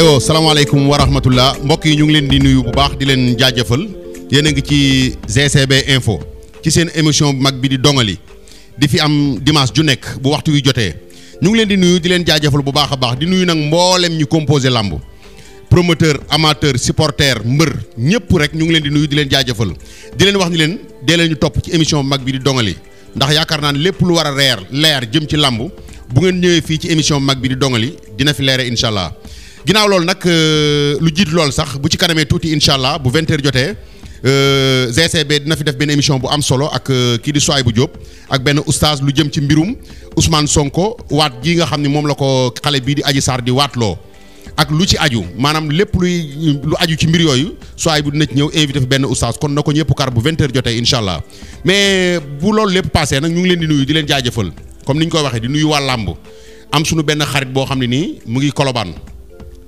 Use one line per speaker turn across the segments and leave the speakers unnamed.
aywa salaamaaleykum wa rahmatullah mbokk yi ñu ngi leen di nuyu bu baax di leen jaajafal yéen a ngi ci GCB info ci seen émission bu mag bi di dongali di fi am dimanche ju nekk bu waxtu yi jotee ñu ngi leen di nuyu di leen jaajëfal bu baax a baax di nuyu nag mboolem ñi composé làmb promoteur amateur supporter mbër ñëpp rek ñu ngi leen di nuyu di leen jaajëfal di leen wax ni leen dee leen ñu topp ci émission bu mag bi di dongali ndax yaakaar naa ne lépp lu war a reer leer jëm ci làmb bu ngeen ñëwee fii ci émission mag bi di dongali dina fi leere incha allah ginnaaw loolu nag euh, lu jiit lool sax bu ci kanamee tuuti incha allah bu vingt heures jotee euh, GCB dina fi def benn émission bu am solo ak euh, kii di bu Diop ak benn oustaz lu jëm ci mbirum Ousmane Sonko waat jii nga xam ne moom la ko xale bii di Adji Sarr di waatloo ak lu ci aju maanaam lépp luy lu aju ci mbir yooyu bu dina ci ñëw invité fi benn oustaz kon na ko ñëpp kar bu vingt heures jotee incha allah mais bu lool lépp passé nag ñu ngi leen di nuyu di leen jaajëfal comme ni ñu waxee di nuyu waa làmb am benn xarit boo xam ne nii mu ngi kolobaan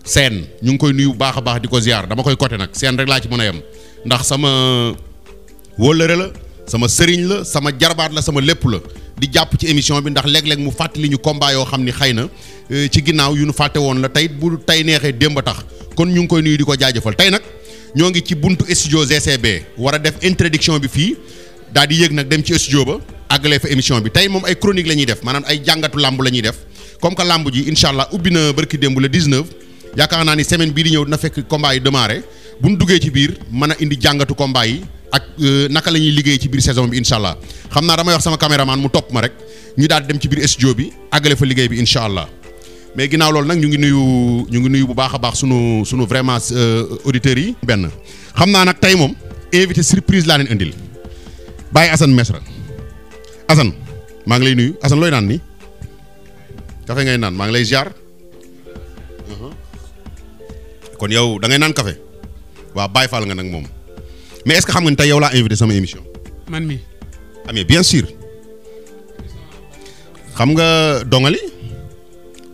seen ñu ngi koy nuyu bu baax a baax di ko ziar dama koy côté nag seen rek laa ci mën a yem ndax sama wóllëre la sama sëriñ la sama jarbaat la sama lépp la di jàpp ci émission bi ndax léeg-léeg mu fàttali ñu combat yoo xam ni xëy na euh, ci yu nu fàtte woon la tey bu tey neexee démb tax kon ñu ngi koy nuyu di ko jaajëfal tey nag ñoo ngi ci buntu studio GCB war a def introduction bi fii daa di yéeg nag dem ci studio ba àggalee fa émission bi tey moom ay chronique la ñuy def maanaam ay jàngatu làmb la ñuy def comme que làmb ji incha allah ubbi na barki démb le 19. yaakaar naa ni semaine bii di ñëw dina fekk combat yi démarré bu ñu duggee ci biir mën a indi jàngatu combat yi ak euh, naka la ñuy liggéey ci biir saison bi incha allah xam naa damay wax sama caméraman mu topp ma rek ñu daal dem ci biir studio bi àggale fa liggéey bi incha allah mais ginnaaw loolu nag ñu ngi nuyu ñu ngi nuyu bu baax baax sunu sunu vraiment euh, auditeurs yi. benn xam naa nag tey moom invité surprise laa leen indil bàyyi Assane Mesra assan maa ngi lay nuyu Assane looy naan nii kafe naan maa ngi lay ziar. kon yow da ngay naan café waaw Baye Fall nga nag moom mais est-ce xam nga ni tey yow laa invité sama émission. man mi ah xam nga dongali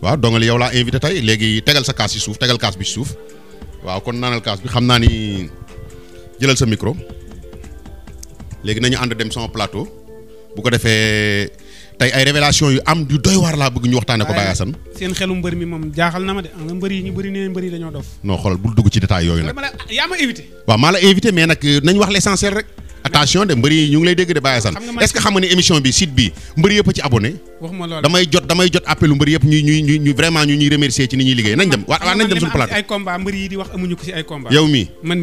waaw dongali yow laa invité tey léegi tegal sa kaas si suuf tegal kaas bi ci suuf waaw kon naanal kaas bi xam naa ni jëlal sa micro léegi nañu ànd dem sama plateau bu ko defee. tey ay révélation yu am yu doy waar laa bëgg ñu waxtaane ko Baye Assane
seen xelu mbër mi moom jaaxal na ma de mbër yi ñu bëri nee mbër yi dañoo dof
non xoolal bul dugg ci détail yooyu nag
yaa ma évité waaw maa la évité
mais nag euh, nañ wax l'essentiel rek attention de mbër yi ñu ngi lay dégg de Baye Assane est émission bi site bi mbër yëpp a ci abonné waxuma damay jot appelu mbër yëpp ñu vraiment ñu ñuy remercier ci ni ñuy liggéey nañ dem waa nañ dem suñu plateau
mbër yi di wax amuñu ko ci ay combat yow mii man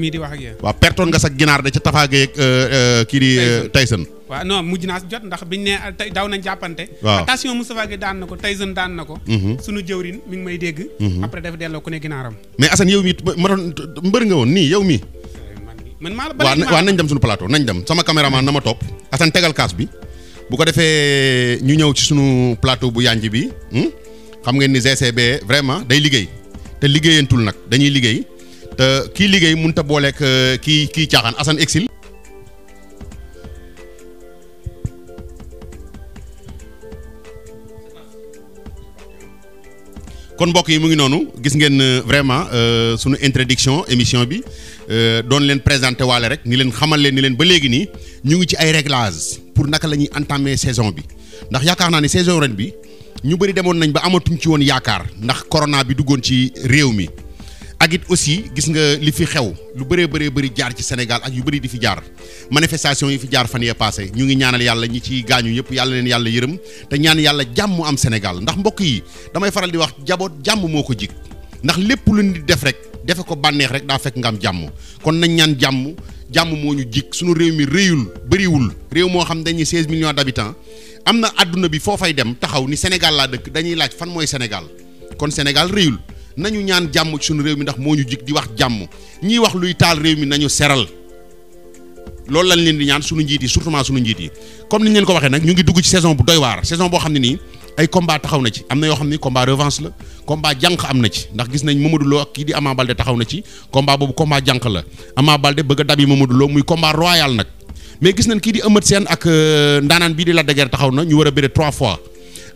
pertoon nga sa ginaar da ca Tafa euh, euh, kii di Tyson
waa non mujj naa jot ndax biñ ne ah, tey daw nañ jàppante. waaw attention Moustapha Gueye daan na ko Tyson daan na ko. Mhm. sunu jëwrin mi ngi may dégg. Mhm. après def delloo ku ne ginaaram.
mais Assane yow mi ma doon mbër nga woon nii yow mi man maa la nañ dem suñu plateau nañ dem sama caméraman na ma topp Assane tegal kaas bi bu ko defee ñu ñëw ci suñu plateau bu yanj bi hmm? xam ngeen ni GCB vraiment day liggéey te liggéeyantul nag dañuy liggéey te kii liggéey mënut a booleeg euh, kii kii caaxaan Assane Exil. kon mbokk yi mu ngi noonu gis ngeen euh, vraiment euh, sunu introduction émission bi euh, doon leen présenté waale rek ni leen xamal leen ni leen ba léegi nii ñu ngi ci ay réglages pour naka la ñuy entamer saison bi ndax yaakaar naa ne saison ren bi ñu bëri demoon nañ ba amatuñ ci woon yaakaar ndax corona bi duggoon ci réew mi. ak it aussi gis nga li fi xew lu bëree bëree bari jaar ci Sénégal ak yu bëri di fi jaar manifestation yi fi jaar fan yee passé ñu ngi ñaanal yàlla ñi ciy gaañu ñëpp yàlla leen yàlla yërëm te ñaan yàlla jàmm am Sénégal ndax mbokk yi damay faral di wax jaboot jàmm moo ko jig ndax lépp lu di def rek defe ko bànneex rek daa fekk nga am jàmm kon nañ ñaan jàmm jàmm moo ñu jig sunu réew mi réyul bëriwul réew moo xam dañuy 16 millions d'habitants am na àdduna bi foo fay dem taxaw ni Sénégal dëkk dañuy laaj fan mooy Sénégal kon Sénégal réyul nañu ñaan jàmm ci suñu réew mi ndax moo ñu jig di wax jàmm ñiy wax luy taal réew mi nañu seral loolu lañ leen di ñaan sunu njiit yi surtout suñu njiit yi comme ni ñu ko waxee nag ñu ngi dugg ci saison bu doy waar saison boo xam ne nii ay combat taxaw na ci am na yoo xam ne combat revanche la combat jànq am na ci ndax gis nañ Mamadou Lo kii di Ama Balde taxaw na ci combat boobu combat jànq la Ama Balde bëgg a dab yi Mamadou Lo muy combat royal nag mais gis nañ kii di Eumeu seen ak euh, ndaanaan bii di la de Guiers taxaw na ñu war a bëre trois fois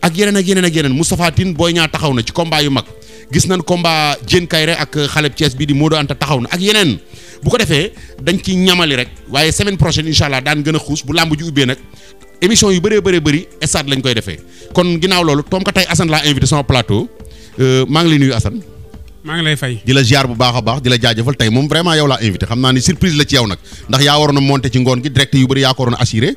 ak yeneen ak yeneen ak yeneen Moustapha Tine Boy Niang taxaw na ci combat yu mag gis nañ combat Diène Kaïré ak xaleb Thiès bi di Modou Anta taxaw na ak yeneen bu ko defee dañ ci ñamali rek waaye semaine prochaine incha daan gën a xuus bu làmb ji ubbee nag émission yu bëree bëree bëri stade lañ koy defee kon ginnaaw loolu toom ko tey Assane laa invité sama plateau euh, maa ngi lay nuyu Assane. maa ngi lay fay di la ziar bu baax a baax di la jaajëfal tey moom vraiment yow laa invité xam naa ni surprise la ci yow nag ndax yaa waroon a monté ci ngoon gi direct yu bëri yaa ko waroon a assuré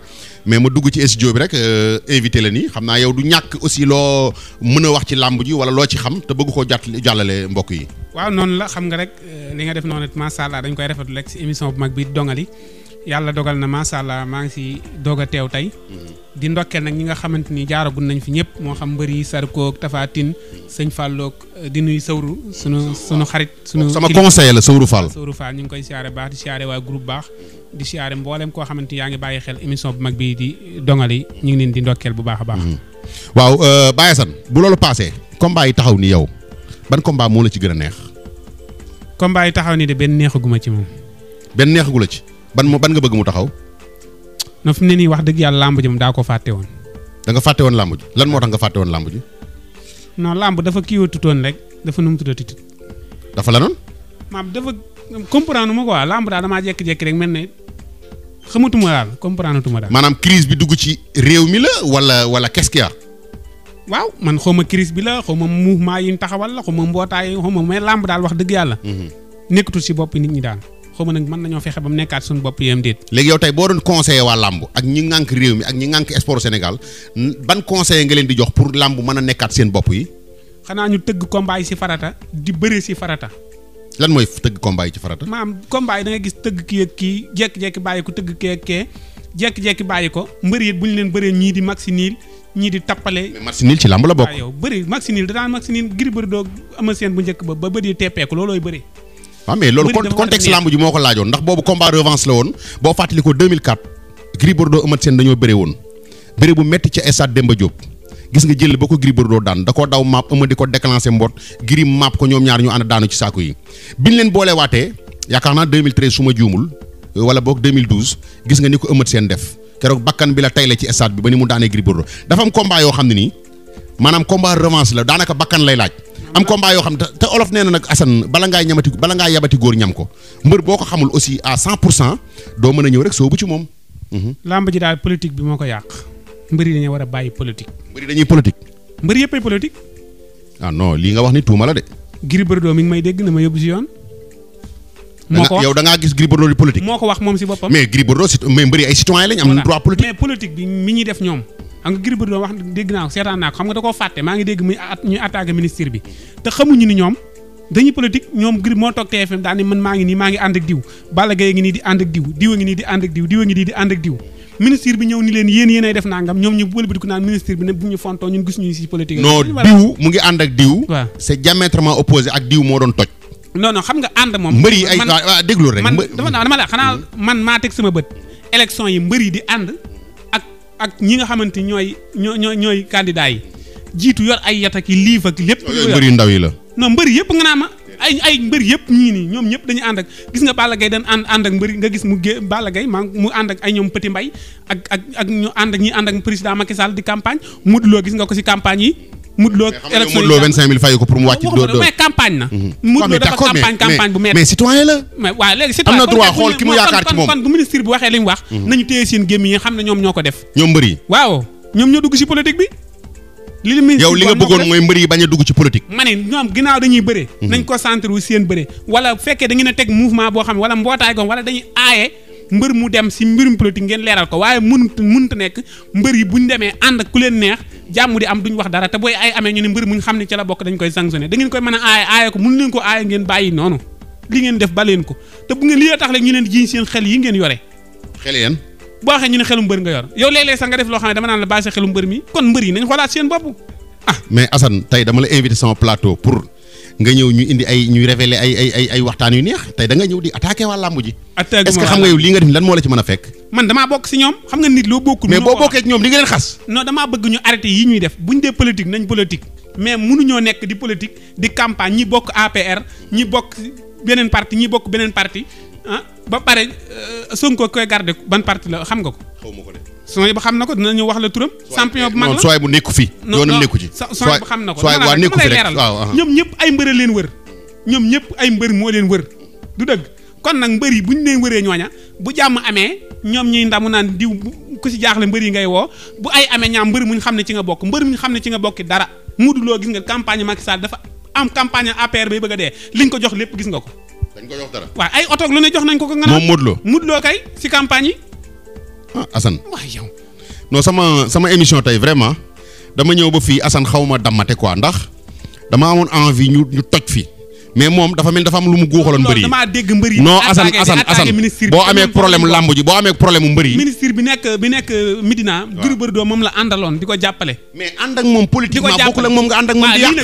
mais ma dugg ci studio bi rek euh, invité la nii xam naa yow du ñàkk aussi loo mën a wax ci làmb ji wala loo ci xam te bëgg ko jàtt jàllale mbokk yi
waaw noonu la xam nga rek euh, li nga def noonu it macha allah dañ koy rafetlu rek si émission bu mag bi dongali yàlla dogal na macha allah maa ngi si doog a teew tey. Mm-hmm. di ndokkeel nag ñi nga xamante ni jaaragul nañ fi ñëpp moo xam mbëri Sarkoog Tafatine mm-hmm. sëñ Falloog euh, di nuyu Sawru sunu sunu xarit. sunu sama conseil la Sawru Fall. Sawru Fall ñu ngi koy siyaare baax di siyaare waa groupe baax mm-hmm. di siyaare mboolem koo xamante ni yaa ngi bàyyi xel émission bu mag bii di dongali ñu ngi leen di ndokkeel bu baax a
baax. waaw euh, Baye San bu loolu paasee combat yi taxaw ni yow ban combat moo la ci gën a neex. combat yi taxaw ni de benn neexaguma ci moom. benn neexagu la ci. ban mu ban nga bëgg mu taxaw.
na fi mu ne nii wax dëgg yàlla làmb ji daa ko fàtte woon.
danga fàtte woon làmb ji lan moo tax nga fàtte woon làmb ji.
làmb dafa kii rek dafa nu mu tuddati. dafa la noonu. maam dafa comprendre ma quoi làmb daal damaa jékki-jékki rek mel ne xamatuma daal comprendre tuma daal.
maanaam crise bi dugg ci réew mi la wala wala keskiya ce qu'il
y a. waaw man xaw ma bi la xaw ma mouvement yi ñu taxawal la xaw ma mbootaay xaw ma mais làmb daal wax dëgg yàlla. Mhm. nekkatul si bopp nit ñi daal. xaw nag mën nañoo fexe ba mu nekkaat suñu
bopp yem déet léegi yow tey boo doon conseillé waa làmb ak ñi ŋànk réew mi ak ñi ŋànk sport Sénégal ban conseil nga leen di jox pour làmb mën a nekkaat seen bopp yi
xanaa ñu tëgg combat si farata di bëre si farata
lan mooy tëgg combay yi ci farata
maam combat yi da gis tëgg ki ak kii jekki-jekki bàyyi ko tëgg kii ak kee jekki-jekki bàyyi ko mbër yi bu ñu leen bëree ñii di mag si niil ñii di tappale mais maxi niil ci làmb la bokk yow bëri maxi niil da daan maxi niil giri bëri doo ama bu njëkk ba ba bëri teppeeku loolooy bëri
waaw ah, loolu contexte lamb ji moo ko laajoon ndax boobu combat revanche la woon boo fàttali ko 2004 Gris Bordeaux Eumeu Sène dañoo bëree woon bëree bu metti ca stade Demba Diop gis nga jël ba ko Gris daan da koo daw maap Eumeu di ko déclenché mbot Gris maap ko ñoom ñaar ñu ànd daanu ci saako yi biñ leen boolee waatee yaakaar naa 2013 su ma juumul wala boog 2012 gis nga ni ko Eumeu Sène def keroog bakkan bi la tay ci stade bi ba ni mu daanee Gris Bordeaux dafa am yoo xam ne nii maanaam combat revanche la daanaka bakkan lay laaj am combat yoo xam te te olof nee na nag Assane bala ngaa ñamati bala ngaa yabati góor ñam ko mbër boo ko xamul aussi à 100 pour cent doo mën a ñëw rek soobu ci moom. Mhm.
làmb ji daal politique bi moo ko yàq. mbër yi dañoo war a bàyyi politique.
mbër dañuy politique.
mbër yëppay politique.
ah lii nga wax ni tuuma la de. Gris
Bordeaux mi may dégg na ma yóbbu si yoon.
moo ko wax yow da ngaa gis Gris Bordeaux di politique. moo moom si boppam. mais Gris Bordeaux si mais ay citoyen lañ am droit politique.
mais politique bi def ñoom. ngi dégg muy ñuy attaqué ministre bi te xamuñu ni ñoom dañuy politique ñoom Gris moo toog TFM daal maa ngi nii maa ngi ànd ak diw Balla Gaye ni leen yéen yéen ay def nangam ñoom ñu bëlbati ko naan ministre bi ne bu ñu fontoo ñun gis ñu si politique mu
ngi ànd ak diw c'est diamétralement opposé ak diw moo doon toj
non non xam nga ànd moom. mbër yi ay waaw déglu rek. man dama la xanaa man maa teg sama bët. élection yi mbër yi di ànd ak ak ñi nga xamante ñooy ñoo ñooy ñooy candidat yi jiitu yor ay yat ak i liif ak lépp. mbër yu ndaw yi la. non mbër yëpp nga naa ma ay ay mbër yëpp ñii nii ñoom ñëpp dañu ànd ak gis nga Balla gay dañ ànd ànd ak mbëri nga gis mu gé Balla Gaye maa mu ànd ak ay ñoom Petit mbay ak ak ak ñu ànd ak ànd ak président Macky Sall di campagne Modou Lo gis nga ko si campagne yi Modou Lo élection yi
Modou Lo ko pour mu wàcc. doo doo mais campagne na. Mhm. Modou Lo dafa campagne campagne bu métti citoyen la.
mais waaw léegi citoyen bu ministre mhm. xam ne ñoom ñoo ko def. ñoom mbër yi waaw ñoom ñoo dugg ci politique bi. li li yow li nga bëggoon mooy mbër yi
bañ a dugg ci politique.
ma ne ñoom ginnaaw dañuy bëre. Mhm. nañ ko centre wu seen bëre. wala bu fekkee da ngeen teg mouvement boo xam ne wala mbootaay goom wala dañuy aaye mbër mu dem si mbirum politique ngeen leeral ko waaye mun mun mënut nekk mbër yi bu ñu demee ànd ku leen neex jàmm di am duñ wax dara te booy ay amee ñu ne mbër muñ xam ne ci la bokk dañ koy sanctionné da ngeen koy mën a aaye aaye ko mën leen ko aaye ngeen bàyyi noonu li ngeen def ba leen ko te bu ngeen li tax rek ñu leen jiñ seen xel yi ngeen yore xel yeen boo waxee ñu ne xelu mbër nga yor yow léeg-léeg sax nga def loo xam ne dama naan la bàyyi sa xelu mbër mi kon
mbër yi nañ xoolaat seen ah, tey dama la invité sama plateau pour nga ñëw ñu indi ay ñuy révéler ay ay ay ay waxtaan yu neex tey da nga ñëw di attaqué waa làmb ji. attaqué est-ce que xam nga yow lii nga def lan moo la ci mën a fekk.
man dama bokk si ñoom xam nga nit loo bokkul. mais boo bokkee
ñoom di nga leen xas.
non damaa bëgg ñu arrêté yi ñuy def bu ñu dee politique nañ politique mais mënuñoo nekk di politique di campagne ñi bokk APR ñi bokk beneen parti ñi bokk beneen parti ah ba pare euh, Sonko koy garde ban parti la xam nga ko. xaw ma ko de. sooy bu xam na ko dina ñu wax la turam. champion bu mag la non sooy bu
nekku fi. yoonam nekku ci sooy bu xam na ko sooy waa nekku fi rek waaw ñoom
ñëpp ay mbër leen wër ñoom ñëpp ay mbër moo leen wër du dëgg kon nag mbër yi bu ñu leen wëree ñooña bu jàmm amee ñoom ñuy ndamu naan diw ku si jaaxle mbër yi ngay woo bu ay amee ñaam mbër muñ xam ne ci nga bokk mbër muñ xam ne ci nga bokki dara Modou Lo gis nga campagne Macky Sall dafa am campagne APR bay bëgg a dee liñ ko jox lépp gis nga ko dañ ko jox dara waaw ay otoog lu ne jox nañ ko ko nga naan moom Modou Lo Modou Lo kay si campagne yi
ah Assane waay yow non sama sama émission tey vraiment dama ñëw ba fii Assane xaw ma dammate quoi ndax dama amoon envie ñu ñu toj fi mais moom dafa mel dafa am lu mu guuxaloon mbër yi
non Assane Assane Assane boo amee problème làmb ji boo amee problème mu mbër yi ministre bi nekk bi nekk Medina Gris moom la àndaloon di ko jàppale mais ànd ak moom politiquement bokkul ak moom nga ànd ak moom di la lan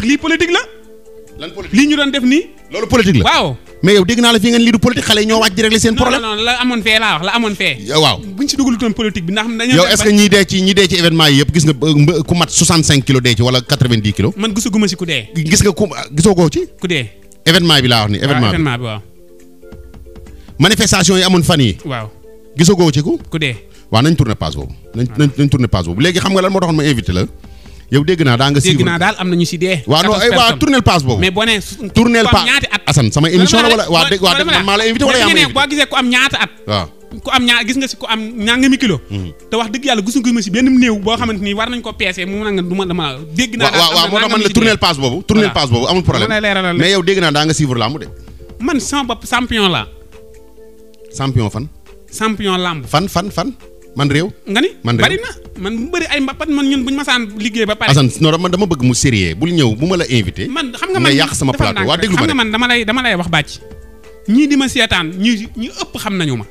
politique lii ñu doon def nii loolu politique la mais yow dégg naa la fii ngeen lii du politique xale yi ñoo waaj di régler seen problème
non non la amoon fee laa wax la amoon fee yow
est-ce que ñiy dee ci ñi dee ci événement yi yëpp gis nga ku mat 65 kilos dee ci wala 90 kilos
man gisaguma si ku dee gis nga ku gisoo ko ci ku dee
événement bi laa wax ni événement bi waaw manifestation yi amoon fan yi waaw gisoo ko ci ku ku dee waaw nañ tourner page boobu nañ nañ tourner page lan moo taxoon ma invité la yow dégg naa daa nga. suivre dégg naa na ñu si dee.
kilo. wax dëgg yàlla gisuñu ko ma si boo xamante ni war nañ ko peese mu na nga du ma dama dégg naa daal waaw moo
tax man la tournel de
man sama bopp champion la champion fan fan
fan fan man réew.
nga ni man réew bari na man mu bëri ay mbappat man ñun buñ masaan liggéey ba pare. Assane
non man dama bëgg mu sérieux bul ñëw bu ma la invité. man xam nga man yàq sama plateau waa déglu ma xam
man dama lay wax bàcc. ñii di ma seetaan ñi ñi ëpp xam nañu ma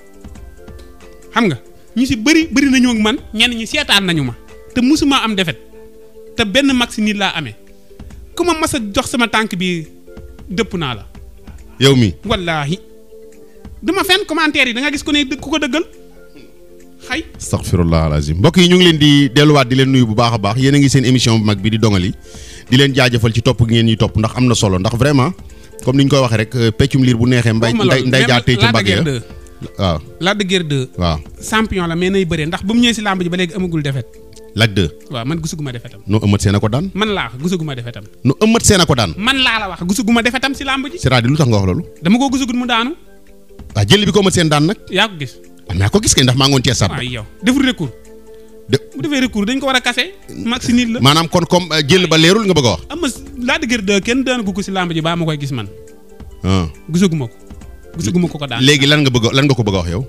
xam nga ñu si bëri bëri nañu man ñenn ñi seetaan nañu ma te musuma am defet te benn mag si nit laa amee ku ma masa jox sama tànk bi dëpp naa la. yow mi wallaahi dama fenn commentaire yi da gis ku ne ku ko
dëggal. xay astaghfirullah mbokk yi ñu ngi leen di delluwaat di leen nuyu bu baax a baax yéen ngi seen émission bu mag bi di dongali di leen jaajëfal ci topp gi ngeen ñuy topp ndax am na solo ndax vraiment comme ni ñu koy waxee rek euh, peccum liir bu neexee mbay nday jaatee ci mbagg ya waaw Lac
la mais nay bëree ndax ba mu ñëwee si lamb ji ba léegi amagul defet Lac 2 waaw man gisuguma defetam
noo a ko daan defetam nu ëmmat seen a ko daan
man laa la wax gisuguma defetam si lamb ji
c'est-à-dire lu tax nga wax loolu
dama koo gisugul mu daanu waaw ah, jël man ah, maa ko gis kay ndax maa ngoon cee sàpp. deful recours. de bu defee recours dañ ko war a kase. maxi nit la maanaam
kon comme euh, jël ba leerul nga bëgg a wax.
am na laa dëgër de kenn daan ko ko si làmb ji baa ma koy gis man. Ah. ko. ko ko daan
léegi lan nga bëgg lan nga ko bëgg a wax yow.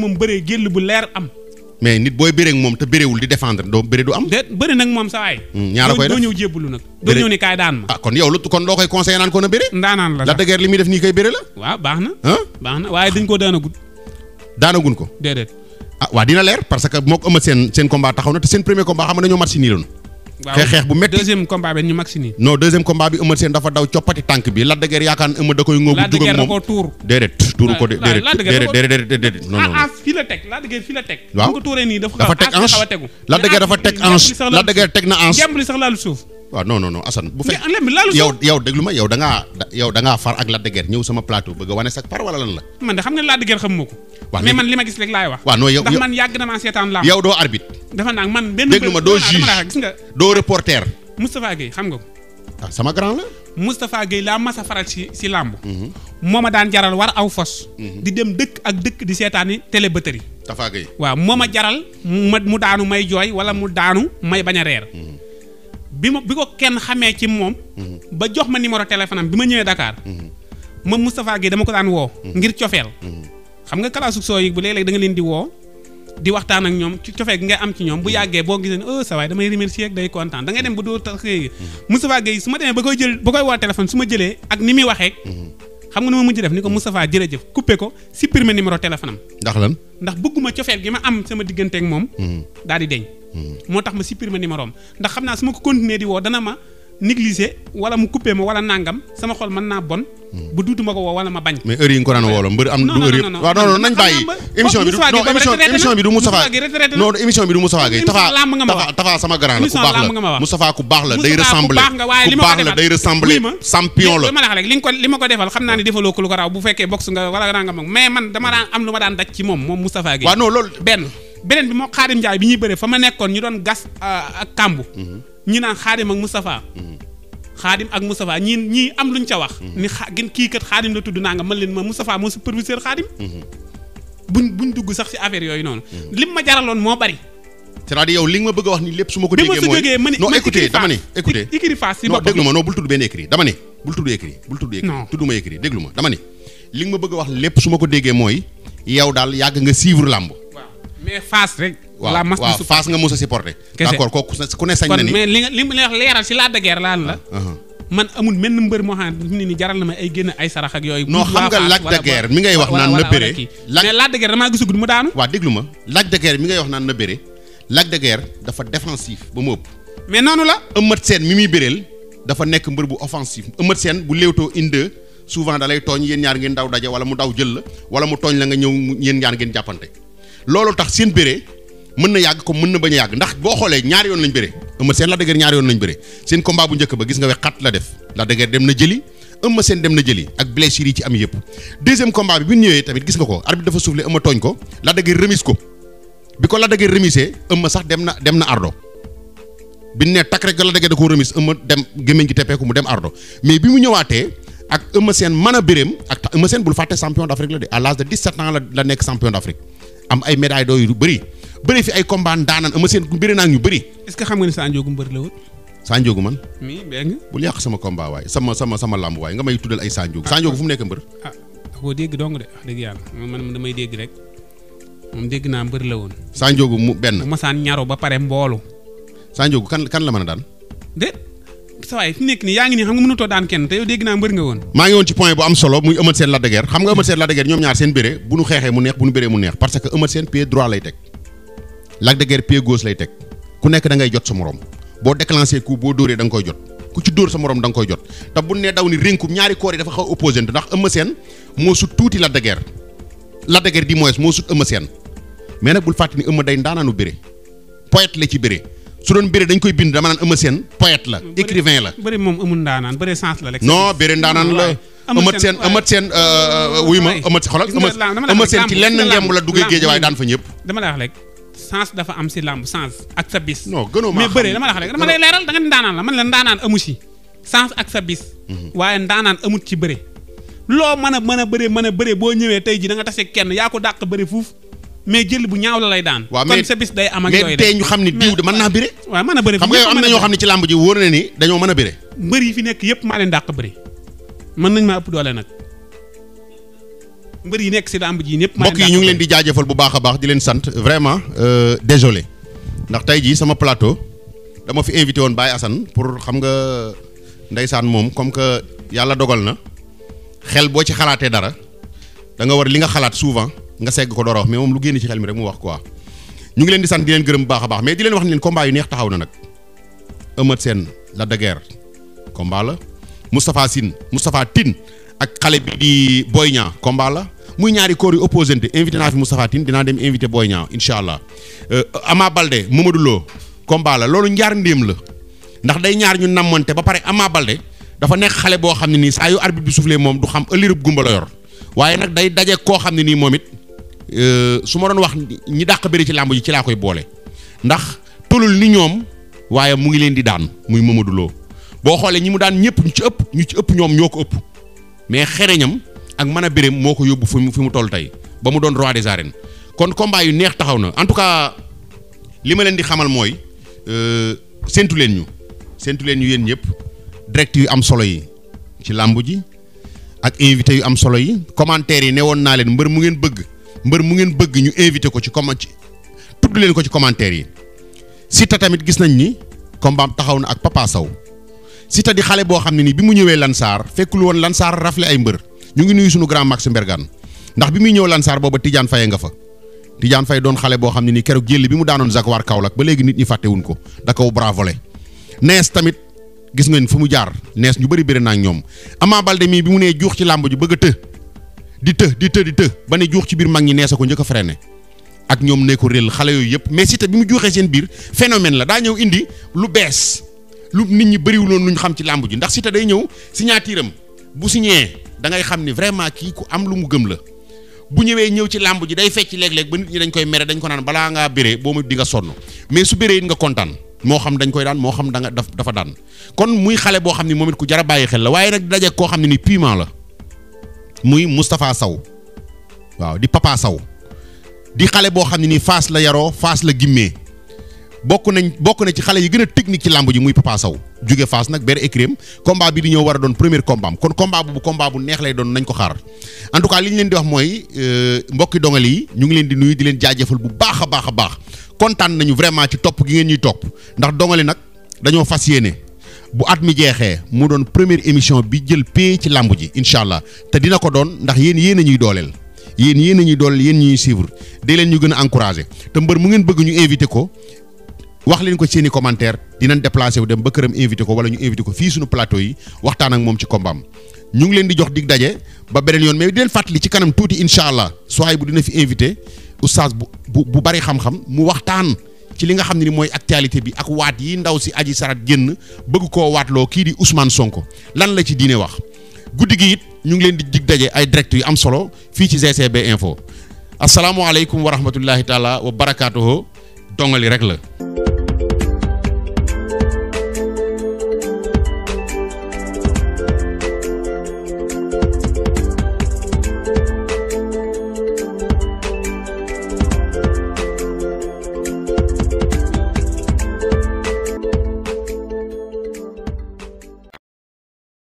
mu bëree bu leer am. mais nit booy bëree ak moom te bëreewul di défendre doo bëri du am. déet bëri nag sa waay. Hmm, ñaara koy def doo ñëw jébbalu nag. doo ñëw ni kaay daan ma. ah kon yow lu kon loo koy
conseillé naan ko na bëri. ndaanaan la li muy
def nii kay bëri la. waaw baax na. waaye dañ ko daanagul daanagun ko. ah waa dina leer parce que moo ko ëmb seen seen combat taxaw na te seen premier combat xam nga dañoo match nii loon. xeex xeex bu métti deuxième combat bi ñu mag dafa daw coppati tànk bi Lac de yaakaar na Eumeu da koy ngóobu. dugg moom tuur. tuuru ko ah, déedéet déedéet déedéet non ah, non. ah
fii la teg Lac de Guiers dafa teg ange dafa teg teg ange. Lac de Guiers teg na
ange. waaw ah, non non non Assane bu fekkee yow yow déglu ma yow da ngaa yow da ngaa far ak Lac de ñëw sama plateau bëgg wane sa par wala lan la
man de xam nga Lac de Guiers xamuma ko waaw mais man li ma gis rek laay wax waaw non yow ndax man na maa seetaan laa yow doo arbitre dafa naag man benn déglu ma doo juge gis nga
doo reporter
Moustapha Gueye xam nga ko ah, sama grand la Moustapha Gueye laa mas a faral si si làmb mhm. moo ma daan jaral war aw fos mhm. di dem dëkk ak dëkk di seetaani télé bëtëri Tafa Gueye waaw moo ma mhm. jaral ma mu daanu may jooy wala mu daanu may baña a reer bi ma bi ko kenn xamee ci moom. Mhm. ba jox ma numéro téléphone bi ma ñëwee dakaar moom Moustapha Guèye dama ko daan woo. Mhm. ngir cofeel. Mhm. xam nga kalaasu soo yi bu léeg-léeg da leen di woo. di waxtaan ak ñoom ci cofee gi ngay am ci ñoom bu yàggee boo gisee ne oh sa waay damay remercier ak day kontaan da ngay dem ba doo tax Moustapha Guèye su ma demee ba koy jël ba koy woo téléphone su ma jëlee ak ni muy waxee xam nga nu ma mujj def ni ko Moustapha jërëjëf kuppe ko supprimer numéro téléphone am ndax lan ndax bëgguma cofeel gi ma am sama diggante moom hmm. daal di deñ hmm. moo tax ma supprimer numéro am ndax xam naa su ma ko continuer di woo dana ma négligé wala mu coupé ma wala nangam sama xol mën naa bon. Hmm. bu duutuma ko woo wala ma bañ. mais naa ne defaloo ko lu ko raw bu fekkee box man dama daan am lu ma daan daj ci moom moom Moustapha Gueye waaw non loolu benn beneen bi moo xaadim Ndiaye bi ñuy bëree fa ma nekkoon ñu doon gas euh, ak kàmbu. Mm-hmm. ñi naan xaadim ak Moustapha. xaadim mm-hmm. ak Moustapha ñii ñii am lu ñu sa wax. Mm-hmm. ni xa kii kat xaadim la tudd naa nga man leen ma Moustapha moo superviseur xaadim. bu ñu dugg sax ci affaire yooyu noonu. lim ma jaraloon moo bari. c'est-à-dire yow li nga ma bëgg a wax ni lépp
su ma ko déggee mooy non écoutez dama ne écoutez écrit face si boppam non déglu ma non bul tudd benn ma écrit déglu ma dama ne li nga ma bëgg a wax lépp su ma ko déggee mooy yow daal yàgg nga suivre làmb
mais Fass rek. la mas waaw nga mos a
supporté. kese d' accord kooku ku ne sañ na ni kon mais li
nga li ma wax leeral si laada guerre laal la. Uh-huh. Uh-huh. man amul menn mbër moo xam ne ni jaral na ma ay génn ay sarax ak yooyu. non xam nga Lac de Guiers mi ngay wax naan na bëre. mais
Lac de Guiers damaa gisaguñ mu daanu. waaw déglu ma Lac de Guiers mi ngay wax naan na bëre dafa défensif ba mu ëpp. mais noonu la. Eumeu Sène mi muy bëreel dafa nekk mbër bu offensif Eumeu Sène bu léewtoo inde souvent da lay tooñ yéen ñaar ngeen daw daje wala mu daw jël la wala mu tooñ la nga ñëw yéen ñaar ngeen jàppante. loolu tax seen béré mën na yàgg comme mën na bañ a yàgg ndax boo xoolee ñaari yoon lañ béré Eumeu Sène Lac de Guiers ñaari yoon lañ béré seen combat bu njëkk ba gis nga we xat la def Lac de dem na jëli Eumeu Sène dem na jëli ak blessure yi ci am yëpp deuxième combat bi bi ñu ñëwee tamit gis nga ko arbitre dafa soufflé Eumeu tooñ ko Lac de Guiers remise ko bi ko Lac de Guiers remisee sax dem na dem na ardo bi ne takk rek Lac de Guiers da koo remise Eumeu dem gémmiñ gi bi mu ñëwaatee ak Eumeu Sène mën a béréem ak Eumeu am ay médailles d'or yu bëri bëri fi ay combat daanan ama seen bëri naa ñu bëri. est-ce xam nga ni Sa Ndiogou mbër la woon. Sa Ndiogou man. sama combat waay sama sama sama làmb waay nga may tuddal ay Sa Ndiogou. Sa mu nekk mbër. ah
da koo dégg dong de wax dëgg yàlla man damay dégg rek moom dégg naa mbër la woon.
Sa Ndiogou mu benn. mu masaan
ñaro ba pare mboolu.
Sa kan kan la mën a daan.
sawaay fi nekk nii yaa ngi nii xam nga mënutoo daan kenn te yow dégg naa mbër nga woon
maa ngi woon ci point bu am solo muy Eumeu Sène Lac xam nga Eumeu Sène Lac ñoom ñaar seen béré bu ñu xeexee mu neex bu ñu béree mu neex parce que Eumeu Sène pied droit lay teg Lac de Guiers lay teg ku nekk dangay jot sa morom boo déclenché coup boo dóoree da nga koy jot ku ci dóor sa moroom da nga koy jot te bu nee daw ni rénkum ñaari koor yi dafa xaw opposé ndax Eumeu Sène tuuti Lac de Guiers Lac de Guiers di moins moo sut Eumeu Sène mais nag bul fàtte ni Eumeu day ndaanaanu béré poète la ci béré su doon béré dañ koy bind dama naan Eumeu Sène poète la écrivain la.
bëri moom amul ndaanaan bëri sens la rek. non bëri ndaanaan la. Eumeu Sène euh, euh, ma Eumeu Sène xoolal Eumeu Sène ci lenn ngemb la duggee géej waaye daan fa ñëpp. dama la wax rek sens dafa bëri dama la wax rek dama lay leeral da nga ndaanaan la man la ndaanaan amu si sens ak sa bis. Mhm. waaye ndaanaan amut ci bëri. loo mën a mën a bëri mën a bëri boo ñëwee tey ji da nga tase kenn yaa ko dàq bëri fuuf mais jël bu ñaaw la lay daan. waaw mais kon sa bis day am ak yooyu de mais xam ni diw de mën naa bëre. waaw mën a bëre xam nga yow am na ñoo xam ne
ci làmb ji wóor na ni dañoo mën a bëre.
mbër yi fi nekk yëpp maa leen dàq bëri mën nañ maa ëpp
nag mbër yi nekk si làmb ji ñëpp. mbokk yi ñu ngi leen di jaajëfal bu baax a baax di leen sant vraiment euh, désolé ndax tey jii sama plateau dama fi invité woon baay Assane pour xam nga ndeysaan moom comme que yàlla dogal na xel boo ci xalaatee dara da nga war li nga xalaat souvent nga segg ko door a wax mais moom lu génn ci xel mi rek mu wax quoi ñu ngi leen di sant di leen gërëm bu a baax mais di leen wax ne leen combat yu neex taxaw na nag Eumeu Sène Lac de Guiers la Moustapha Sine Moustapha Tine ak xale bi di Boy Niang combat la muy ñaari corps yu opposante invité naa fi Moustapha Tine dinaa dem invité Boy Niang incha allah euh, Ama Balde Mamadou Lo combat la loolu njaar ndéem la ndax day ñaar ñu nammante ba pare Ama Balde dafa nekk xale boo xam ne nii saa yu moom du xam ëllirub gumba la yor waaye nag ne nii moom it Euh, su ma doon wax ñi dàq bëri ci làmb ji ci laa koy boole ndax tolul ni ñoom waaye mu ngi leen di daan muy Mamadou Lo boo xoolee ñi mu daan ñëpp ñu ci ëpp ñu ci ëpp ñoom ñoo ko ëpp mais xereñam ak mën a béréem moo ko yóbbu fi fi mu toll tey ba mu doon roi des arènes kon combat yu neex taxaw na en tout cas li ma leen di xamal mooy euh, séntu leen ñu séntu leen ñu yéen ñëpp direct yu am solo yi ci làmb ji ak invité yu am solo yi commentaire yi ne woon naa leen mbër mu ngeen bëgg mbër mu ngeen bëgg ñu invité ko ci comment ci tudd ko ci commentaire yi Siteu tamit gis nañ ni kombaam taxaw na ak Papa saw sita di xale boo xam ne ni bi mu ñëwee Lansar fekkul woon Lansar rafle ay mbër ñu ngi nuyu suñu grand max Mbergane ndax bi muy ñëw Lansar booba Tidiane Faye nga fa Tidiane Faye doon xale boo xam ne ni keroog jël bi mu daanoon Jaguar Kaolack ba léegi nit ñi fàttewuñ ko da kaw bravolé nees tamit gis nga ngeen fu mu jaar nees ñu bëri bëri naa ak ñoom Ama Baldé mii bi mu nee juux ci làmb ji bëgg a di të di të di të ba ne juux ci biir mag ñi neesa ko njëkk a freiné ak ñoom ne ko réel xale yooyu yëpp mais Siteu bi mu juuxee seen biir phénomène la daa ñëw indi lu bees lu nit ñi bëriwuloon lu ñu xam ci làmb ji ndax Siteu day ñëw signature am bu signé da ngay xam ni vraiment kii ku am lu mu gëm la bu ñëwee ñëw ci làmb ji day fecc léeg-léeg ba nit ñi dañ koy mere dañ ko naan balaa ngaa béree boo ma di nga sonn mais su béree it nga kontaan moo xam dañ koy daan moo xam da nga dafa daan kon muy xale boo xam ne moom it ku bàyyi xel la waaye nag daje koo xam ne ni piment la muy Moustapha saw waaw di Papa saw di xale boo xam ne nii Fass la yaroo Fass la gimmee bokk nañ bokk na ci xale yi gën a technique ci làmb ji muy Papa Sow jóge Fass nag ber écrim combat bi di ñëw war a doon premier combat am kon combat bu combat bu neex lay doon nañ ko xaar en tout cas li ñu leen di wax mooy euh, mbokki dongal yi ñu ngi leen di nuyu di leen jaajëfal bu baax a baax a baax kontaan nañu vraiment ci topp gi ngeen ñuy topp ndax dongali nag dañoo fas yéene. bu at mi jeexee mu doon première émission bi jël pee ci làmb ji incha allah te dina ko doon ndax yéen yéen a ñuy dooleel yéen yéen a ñuy dooleel yéen ñuy suivre dee leen ñu gën a encouragé te mbër mu ngeen bëgg ñu invité ko wax leen ko seen i commentaire dinañ déplacé wu dem ba këram invité ko wala ñu invité ko fii suñu plateau yi waxtaan ak moom ci kombaam ñu ngi leen di jox dig daje ba beneen yoon mais di fàttali ci kanam tuuti incha allah soxay bu dina fi invité oustaz bu bu bu bari xam mu waxtaan. ci li nga xam ne ni mooy actualité bi ak waat yi ndaw si aji sarat génn bëgg koo waatloo kii di Ousmane Sonko lan la ci diine wax guddi gi it ñu ngi leen di dig daje ay direct yu am solo fii ci GCB info asalaamualeykum wa rahmatullahi taala wa barakaatuhu dongali rek la